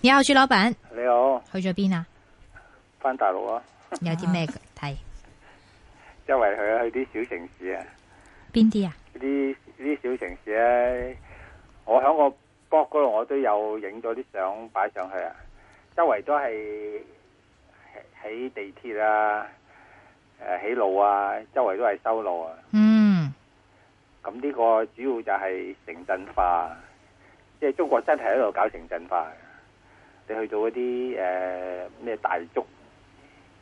你好，朱老闆。你好，去咗邊啊？翻大陸啊？有啲咩睇？周圍去去啲小城市啊？邊啲啊？啲啲小城市咧，啊，我響個 blog 嗰度我都有影咗啲相擺上去啊。周圍都係起地鐵啊，誒，起路啊，周圍都係修路啊。嗯。咁呢個主要就係城鎮化，即係中國真係喺度搞城鎮化。你去到嗰啲誒咩大竹、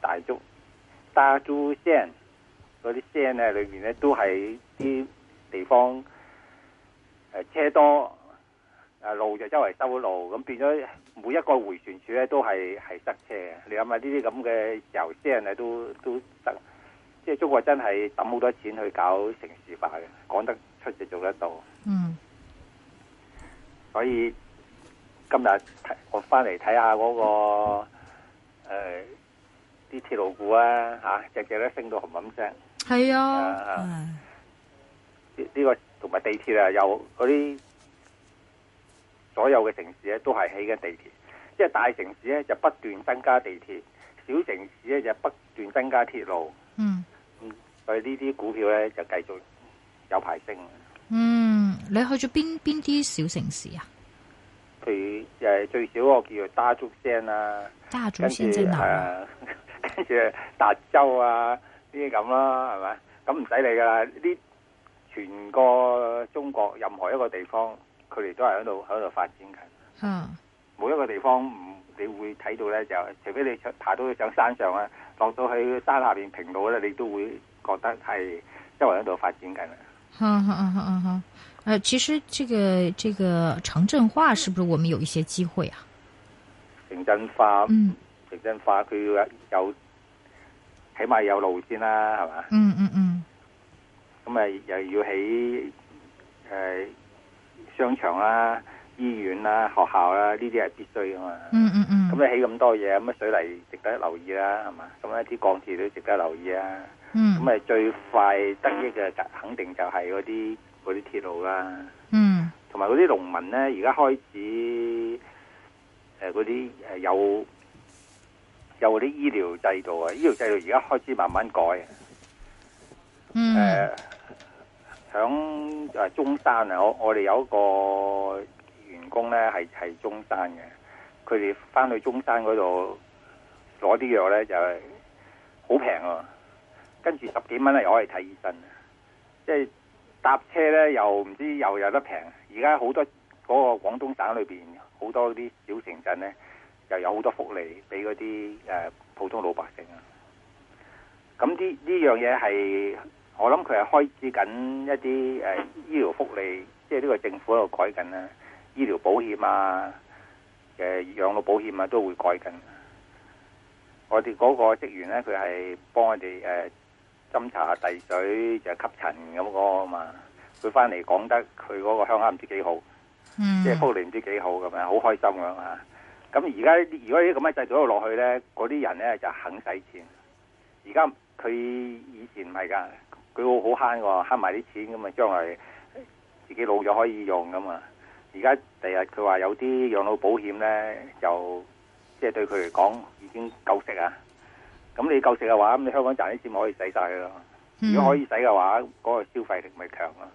大竹、沙珠線嗰啲線咧，裏面咧都係啲地方誒、呃、車多，誒、啊、路就周圍修路，咁變咗每一個迴旋處咧都係係塞車嘅。你諗下呢啲咁嘅油線咧都都塞，即、就、係、是、中國真係抌好多錢去搞城市化嘅，講得出就做得到。嗯，所以。今日我翻嚟睇下嗰個誒啲鐵路股啊，吓隻只都升到冚冚聲。係啊，呢、啊啊呢個同埋地鐵啊，有嗰啲所有嘅城市咧都係起緊地鐵，即、就、係、是、大城市咧就不斷增加地鐵，小城市咧就不斷增加鐵路。嗯，所以呢啲股票咧就繼續有排升。嗯，你去咗邊邊啲小城市啊？最最少我叫做大竹線啦、啊，大竹、啊、跟住、啊、達州啊，呢啲咁啦，係咪？咁唔使理噶啦，呢全個中國任何一個地方，佢哋都係喺度喺度發展緊。嗯，每一個地方唔你會睇到咧，就除非你爬到去上山上啊，落到去山下邊平路咧，你都會覺得係周圍喺度發展緊啊！嗯嗯嗯嗯嗯。誒，其實這個這個城鎮化，是不是我們有一些機會啊？城鎮化，嗯，城鎮化佢要有起碼有路先啦，係嘛？嗯嗯嗯。咁、嗯、啊、嗯，又要起誒、呃、商場啦、醫院啦、學校啦，呢啲係必須噶嘛？嗯嗯嗯。咁、嗯、你起咁多嘢，咁乜水泥值得留意啦，係嘛？咁一啲鋼鐵都值得留意啊。咁、嗯、啊，那最快得益嘅，肯定就係嗰啲。嗰啲鐵路啦、啊，嗯，同埋嗰啲農民咧，而家開始誒嗰啲誒有有嗰啲醫療制度啊，醫療制度而家開始慢慢改。嗯、mm. 呃，誒喺誒中山啊，我我哋有一個員工咧，係係中山嘅，佢哋翻去中山嗰度攞啲藥咧就係好平啊，跟住十幾蚊又可以睇醫生，即係。搭車咧又唔知又有得平，而家好多嗰個廣東省裏邊好多啲小城鎮咧又有好多福利俾嗰啲誒普通老百姓啊！咁啲呢樣嘢係我諗佢係開支緊一啲誒、呃、醫療福利，即係呢個政府喺度改緊啊，醫、呃、療保險啊，誒養老保險啊都會改緊。我哋嗰個職員咧佢係幫我哋誒。呃斟茶遞水就吸塵咁個啊嘛，佢翻嚟講得佢嗰個鄉下唔知幾好，mm. 即係福利唔知幾好咁樣，好開心咁啊！咁而家如果啲咁嘅制度落去咧，嗰啲人咧就肯使錢。而家佢以前唔係噶，佢好慳㗎，慳埋啲錢咁啊，將來自己老咗可以用噶嘛。而家第日佢話有啲養老保險咧，就即係、就是、對佢嚟講已經夠食啊。咁你夠食嘅話，咁你香港賺啲錢咪可以使晒嘅咯。如果可以使嘅話，嗰個消費力咪強咯。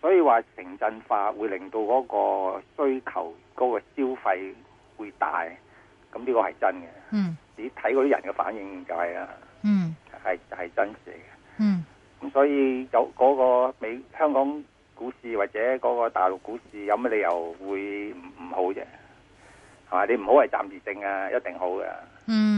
所以話城鎮化會令到嗰個需求、嗰個消費會大，咁呢個係真嘅。嗯，你睇嗰啲人嘅反應就係啊，嗯，係係真實嚟嘅。嗯，咁所以有嗰個美香港股市或者嗰個大陸股市有咩理由會唔唔好啫？係嘛，你唔好係暫時性啊，一定好嘅。嗯。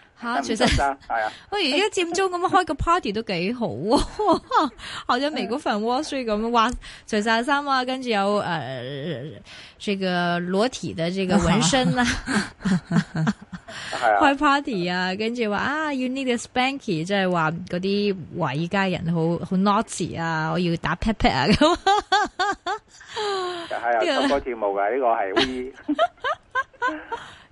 吓，除晒衫係啊，我而家佔中咁樣開個 party 都幾好，或 者 美國份 Wall Street 咁，哇，除晒衫啊，跟住有誒、呃，這個裸體嘅這個紋身啊，開 party 啊，跟住話啊 you need a spanky，即係話嗰啲華爾街人好好 naughty 啊，naughty，我要打 pet pet 啊咁， 後呢個多節目㗎，呢個係。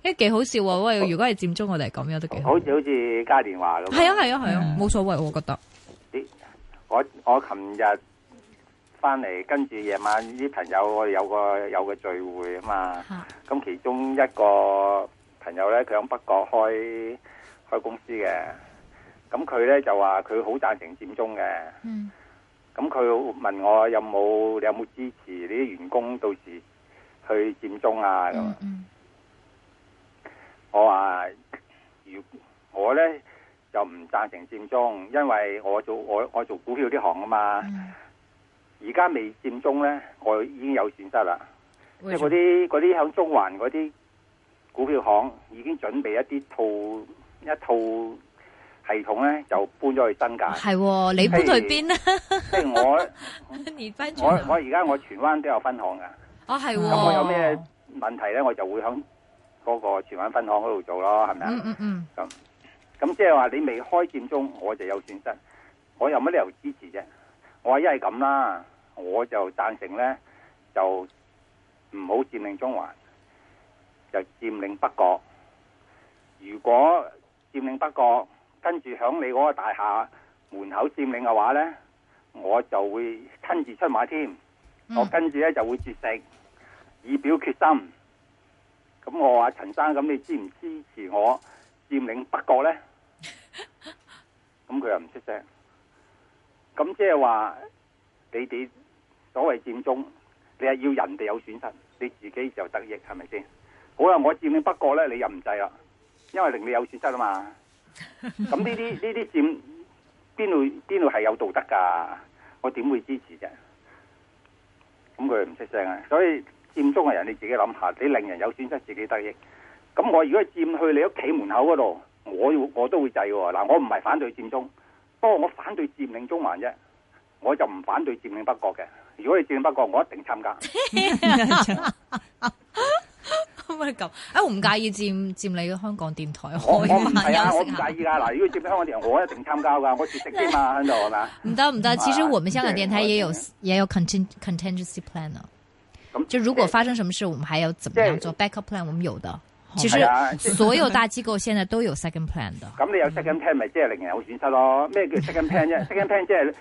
誒，幾好笑啊！喂，如果係佔中，我哋係咁又都幾好。好似好似嘉年華咁。係啊，係啊，係啊，冇、嗯、所謂，我覺得。啲、欸、我我琴日翻嚟，跟住夜晚啲朋友我哋有個有個聚會啊嘛。咁其中一個朋友咧，佢喺北角開開公司嘅。咁佢咧就話佢好讚成佔中嘅。咁、嗯、佢問我有冇有冇支持呢啲員工到時去佔中啊？咁、嗯。嗯我話、啊，如我咧就唔贊成佔中，因為我做我我做股票啲行啊嘛。而、嗯、家未佔中咧，我已經有損失啦。即係嗰啲嗰啲響中環嗰啲股票行已經準備一啲套一套系統咧，就搬咗去新界。係、哦哦、你搬去邊咧？即、hey, 係 Hey ,我 我我而家我荃灣都有分行噶。哦，係、哦。咁我有咩問題咧，我就會響。嗰、個荃灣分行嗰度做咯，係咪啊？咁咁即係話你未開佔中，我就有損失，我有乜理由支持啫？我話一係咁啦，我就贊成呢，就唔好佔領中環，就佔領北角。如果佔領北角，跟住響你嗰個大廈門口佔領嘅話呢，我就會親自出馬添，mm-hmm. 我跟住呢，就會絕食，以表決心。咁我話，陳生，咁你支唔支持我佔領北角咧？咁佢又唔出聲。咁即係話你哋所謂佔中，你係要人哋有損失，你自己就得益，係咪先？好啊，我佔領北角咧，你又唔制啦，因為令你有損失啊嘛。咁呢啲呢啲佔邊度邊度係有道德噶？我點會支持啫？咁佢又唔出聲啊，所以。佔中嘅人，你自己諗下，你令人有損失，自己得益。咁我如果佔去你屋企門口嗰度，我我都會制。嗱，我唔係反對佔中，不過我反對佔領中環啫。我就唔反對佔領北角嘅。如果你佔領北角，我一定參加。咪咁？我唔介意佔佔你香港電台。可以我我唔係啊，我唔介意噶。嗱，如果佔你香港電台，我一定參加噶。我絕食添嘛，喺度係咪。唔得唔得，其實我們香港電台也有 也有 contingency plan 啊。咁就如果發生什麼事，我們還要怎麼樣做 backup plan？我們有的，係嘅，好唔好？其實所有大機構現在都有 second plan 的。咁 你有 second plan 咪即係令人有損失咯？咩叫 second plan 啫 ？second plan 即係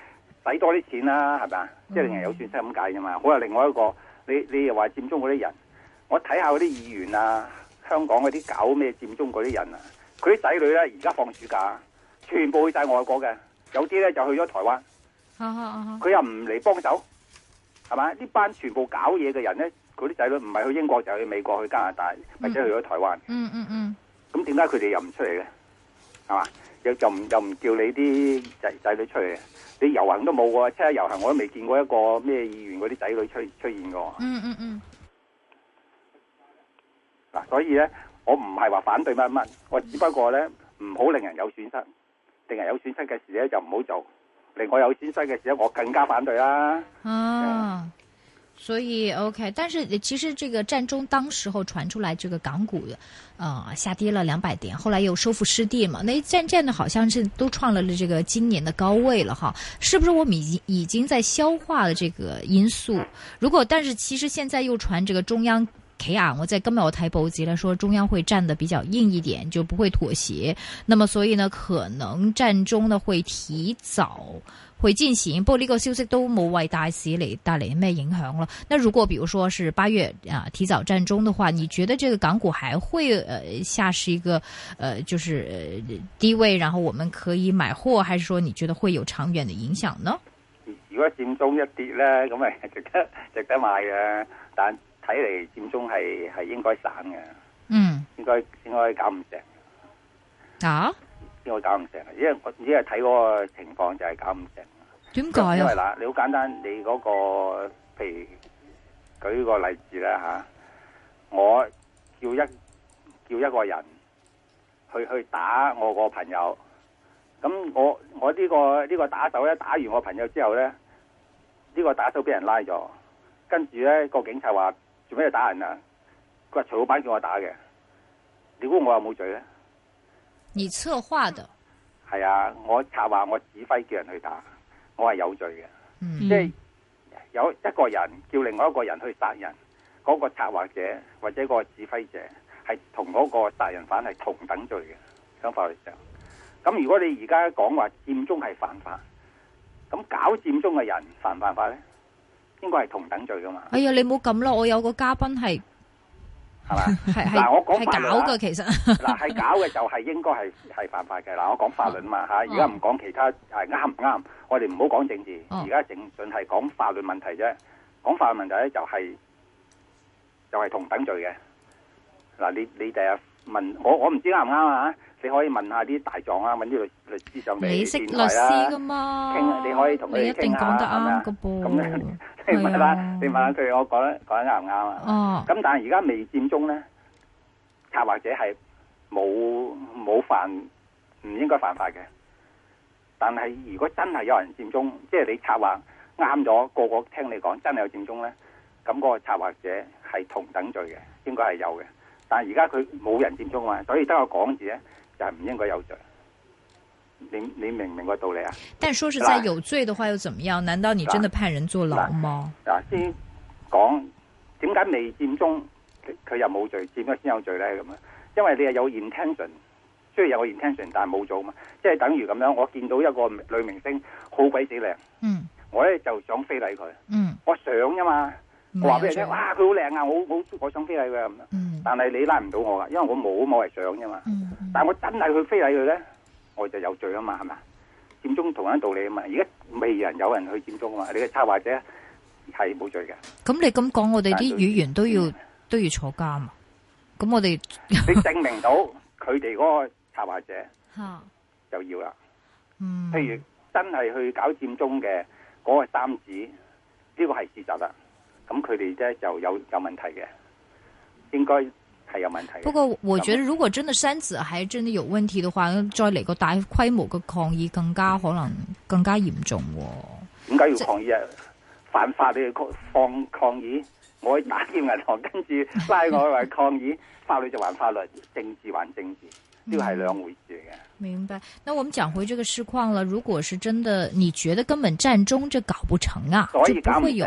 使多啲錢啦，係咪啊？即係令人有損失咁解啫嘛。好啊，另外一個，你你又話佔中嗰啲人，我睇下嗰啲議員啊，香港嗰啲搞咩佔中嗰啲人啊，佢啲仔女咧而家放暑假，全部去晒外國嘅，有啲咧就去咗台灣，佢 又唔嚟幫手。 係嘛？呢班全部搞嘢嘅人咧，嗰啲仔女唔係去英國，就去美國、去加拿大，或者去咗台灣。嗯嗯嗯。咁點解佢哋又唔出嚟嘅？係嘛？又又唔又唔叫你啲仔仔女出嚟嘅？你遊行都冇喎，即係遊行我都未見過一個咩議員嗰啲仔女出出現嘅。嗯嗯嗯。嗱、嗯，所以咧，我唔係話反對乜乜，我只不過咧唔好令人有損失，令人有損失嘅事咧就唔好做。我有損失嘅時候，我更加反對啦。啊，所以 OK，但是其實這個戰中當時候傳出來，這個港股啊、呃、下跌了兩百點，後來又收復失地嘛。那一戰戰的好像是都創了了這個今年的高位了，哈，是不是我們已已經在消化了這個因素？如果，但是其實現在又傳這個中央。 我在根本我說中央會站得比較硬一點，就不會妥協。那麼所以呢，可能戰中呢會提早會進行，不過呢個消息都冇大市帶嚟咩影響咯。那如果比如說是八月啊提早戰中的話，你覺得這個港股還會、呃、下是一個、呃、就是、呃、低位，然後我們可以買貨，還是說你覺得會有長遠的影響呢？如果戰中一跌咁咪值得值得買但。睇嚟佔中係係應該散嘅，嗯，應該應該搞唔成。嚇？應該搞唔成啊，搞唔成！因為我因為睇嗰個情況就係搞唔成。點解啊？因為嗱，你好簡單，你嗰個譬如舉個例子啦嚇，我叫一叫一個人去去打我個朋友，咁我我呢個呢個打手咧打完我朋友之後咧，呢個打手俾人拉咗，跟住咧個警察話。做咩打人啊？佢話徐老闆叫我打嘅，你估我有冇罪咧？你策劃嘅。係啊，我策劃，我指揮叫人去打，我係有罪嘅，嗯。即係有一個人叫另外一個人去殺人，嗰、嗰個策劃者或者嗰個指揮者係同嗰個殺人犯係同等罪嘅，相反嚟嘅。咁如果你而家講話佔中係犯法，咁搞佔中嘅人犯唔犯法咧？應該係同等罪噶嘛？哎呀，你冇咁啦，我有個嘉賓係係嘛，係係係搞噶，其實嗱係搞嘅就係應該係係犯法嘅嗱。我講法律啊嘛吓，而家唔講其他係啱唔啱？我哋唔好講政治，而家正盡係講法律問題啫。講法律問題咧就係就係同等罪嘅嗱，你你哋問我我唔知啱唔啱啊？你可以問下啲大狀啊，問啲律律師上嚟，你識、啊、律師噶嘛？傾你可以同佢哋傾下啦。你一定講得啱咁咧，你問啦，你問下佢，我講得講得啱唔啱啊？哦、啊。咁但係而家未佔中咧，策劃者係冇冇犯，唔應該犯法嘅。但係如果真係有人佔中，即、就、係、是、你策劃啱咗，個個聽你講真係有佔中咧，咁、那個策劃者係同等罪嘅，應該係有嘅。但係而家佢冇人佔中啊，所以得個講字咧。就係唔應該有罪，你你明唔明個道理啊？但說實在有罪嘅話又怎麼樣？難道你真的派人坐牢嗎？嗱，先講點解未佔中佢又冇罪，佔咗先有罪咧？咁啊，因為你係有 intention，雖然有個 intention，但係冇做嘛，即係等於咁樣。我見到一個女明星好鬼死靚，嗯，我咧就想非禮佢，嗯，我想啫嘛，我話俾你聽，哇，佢好靚啊，好好，我想非禮佢咁啦，嗯，但係你拉唔到我噶，因為我冇冇嚟想啫嘛。嗯但係我真係去非禮佢咧，我就有罪啊嘛，係嘛？佔中同樣道理啊嘛，而家未人有人去佔中啊嘛，你個策劃者係冇罪嘅。咁你咁講，我哋啲議員都要都要坐監啊？咁、嗯、我哋 你證明到佢哋嗰個策劃者，嚇又要啦。嗯，譬如真係去搞佔中嘅嗰個三子，呢、這個係事實啦。咁佢哋咧就有有問題嘅，應該。係有問題。不過我覺得，如果真的三子係真的有問題嘅話，嗯、再嚟個大規模嘅抗議，更加可能更加嚴重、哦。點解要抗議啊？犯法你哋抗抗議，我打劫銀行，跟住拉我嚟抗議， 法律就還法律，政治還政治，呢個係兩回事嚟嘅、嗯。明白。那我們講回這個事況了、嗯。如果是真的，你覺得根本佔中就搞不成啊？所以搞唔成不，因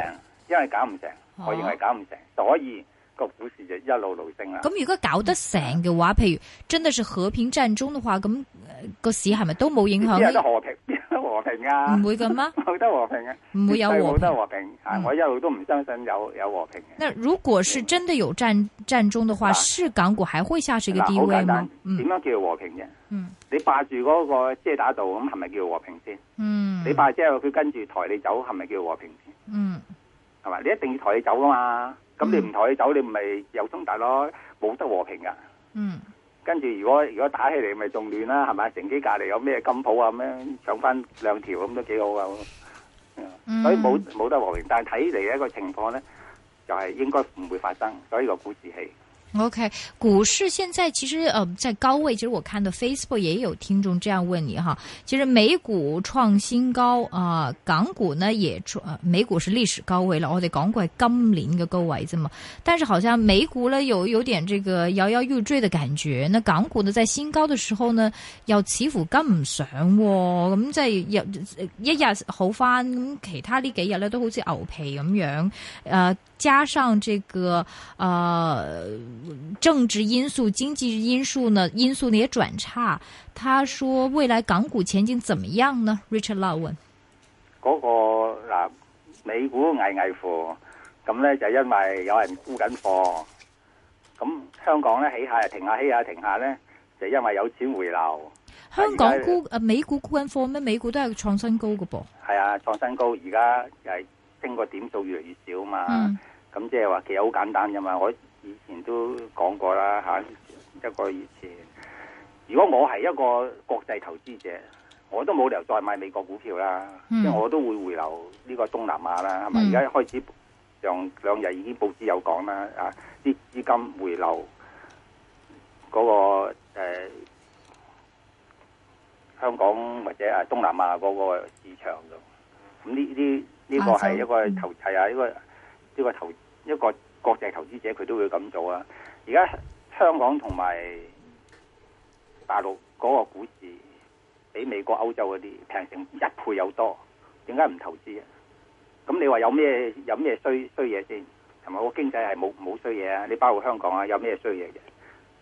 為搞唔成、啊，我認為搞唔成，所以。個股市就一,一路路升啦。咁、嗯嗯、如果搞得成嘅話，譬如真的是和平、嗯、戰中嘅話，咁、那個市係咪都冇影響？有得和平，有和平啊！唔會噶咩？冇得和平啊！冇有和平，冇得和平啊！我一路都唔相信有有和平。嘅。那如果是真的有戰、嗯、戰中嘅話，市、啊、港股還會下至一個低位嗎？點、啊嗯、樣叫做和平啫、啊嗯？嗯，你霸住嗰個遮打道咁，係咪叫和平先、啊？嗯，你霸遮，佢跟住抬你走，係咪叫和平先、啊？嗯，係咪？你一定要抬你走噶嘛？咁、嗯、你唔抬起走，你唔係有衝突咯，冇得和平噶。嗯，跟住如果如果打起嚟，咪仲亂啦，係咪？乘機隔籬有咩金鋪啊，咩搶翻兩條咁都幾好噶、嗯。所以冇冇得和平，但係睇嚟一個情況咧，就係、是、應該唔會發生，所以個股市係。OK，股市現在其實，呃，在高位。其實我看到 Facebook 也有聽眾這樣問你哈，其實美股創新高啊、呃，港股呢也創、呃，美股是歷史高位了，我哋講過係今年嘅高位，啫嘛，但是好像美股呢有有，有點這個搖搖欲墜的感覺，那港股呢在新高的時候呢，又似乎跟唔上，咁即係又一日好翻，咁、嗯嗯、其他呢幾日呢都好似牛皮咁樣，呃加上這個，呃，政治因素、經濟因素呢，因素呢也轉差。他說未來港股前景怎麼樣呢？Richard Lau 問。嗰，那個嗱，美股危危乎，咁咧就因為有人沽緊貨，咁香港咧起下又停下，起下停下咧就因為有錢回流。香港沽誒，啊、美股沽緊貨咩？美股都係創新高噶噃。係啊，創新高，而家就係升個點數越嚟越少嘛。嗯咁即係話其實好簡單啫嘛，我以前都講過啦吓，一個月前。如果我係一個國際投資者，我都冇理由再買美國股票啦，因、嗯、為、即係、我都會回流呢個東南亞啦，係咪？而、嗯、家開始上兩日已經報紙有講啦，啊，啲資金回流嗰、嗰個誒、呃、香港或者啊東南亞嗰個市場度。咁呢呢呢個係一個投係啊，一、呢個。呢個投一個國際投資者佢都會咁做啊！而家香港同埋大陸嗰個股市比美國、歐洲嗰啲平成一倍有多，點解唔投資啊？咁你話有咩有咩衰衰嘢先？同埋個經濟係冇冇衰嘢啊？你包括香港啊，有咩衰嘢嘅？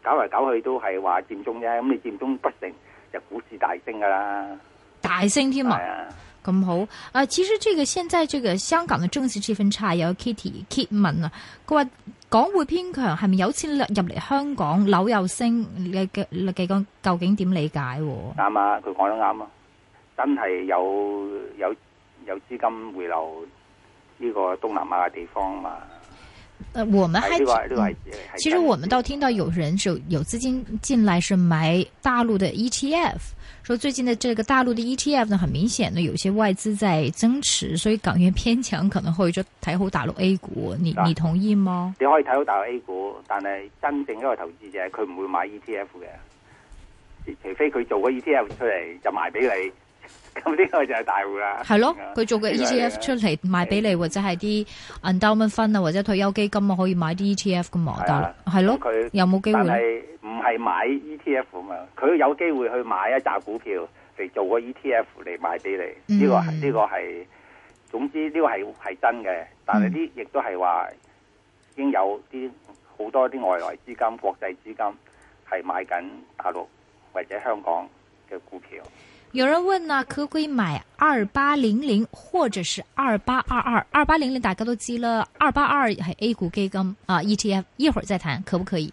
搞嚟搞去都係話佔中啫，咁你佔中不成就股市大升噶啦，大升添啊！咁好，啊，其實這個現在這個香港的政治氣氛差有 Kitty 揭問啊，佢話港匯偏強係咪有錢入入嚟香港樓又升？你嘅你個究竟點理解？啱啊，佢講得啱啊，真係有有有資金回流呢個東南亞嘅地方嘛。誒、啊，我們還、這個嗯、其實我們都聽到有人是有資金進來是買大陸的 ETF。說最近的這個大陸的 ETF 呢，很明顯呢，有些外資在增持，所以港元偏強可能會就睇好大陸 A 股，你你同意嗎？你可以睇好大陸 A 股，但係真正一個投資者佢唔會買 ETF 嘅，除非佢做個 ETF 出嚟就賣俾你，咁、這、呢個就係大戶啦。係咯，佢做個 ETF 出嚟賣俾你，或者係啲 endowment 分啊，或者退休基金啊，可以買啲 ETF 咁。嘛？但係係咯，有冇機會？係買 E T F 嘛？佢有機會去買一扎股票嚟做個 E T F 嚟賣俾你。呢、嗯，這個係呢、這個係，總之呢個係係真嘅。但係啲亦都係話、嗯，已經有啲好多啲外來資金、國際資金係買緊大陸或者香港嘅股票。有人問啦，可唔可以買二八零零，或者是二八二二？二八零零大家都知啦，二八二係 A 股基金。啊、uh,？E T F，一會兒再談，可唔可以？